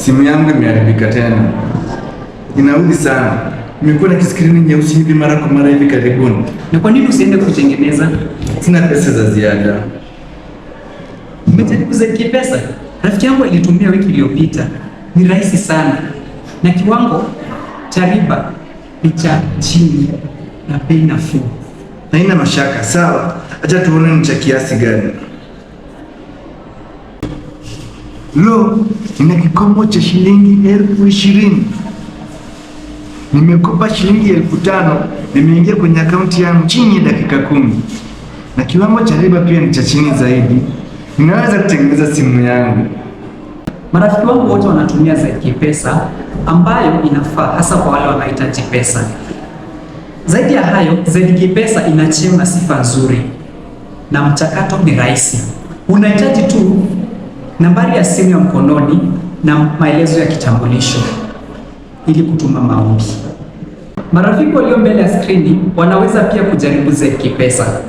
Simu yangu imeharibika tena, inaudi sana. Imekuwa na kiskrini nyeusi hivi mara kwa mara hivi karibuni. Na kwa nini usiende kutengeneza? Sina pesa za ziada. Umejaribu zaidi pesa? Rafiki yangu alitumia wiki iliyopita, ni rahisi sana, na kiwango cha riba ni cha chini na bei nafuu. Haina mashaka. Sawa, acha tuone ni cha kiasi gani. Lo, nina kikomo cha shilingi elfu ishirini nimekopa shilingi elfu tano nimeingia kwenye akaunti yangu chini ya dakika kumi na kiwango cha riba pia ni cha chini zaidi. Ninaweza kutengeneza simu yangu. Marafiki wangu wote wanatumia Zaiq Pesa ambayo inafaa hasa kwa wale wanahitaji pesa. Zaidi ya hayo, Zaiq Pesa ina cheo na sifa nzuri na mchakato ni rahisi, unahitaji tu nambari ya simu ya mkononi na maelezo ya kitambulisho ili kutuma maombi. Marafiki walio mbele ya skrini wanaweza pia kujaribu Zeki Pesa.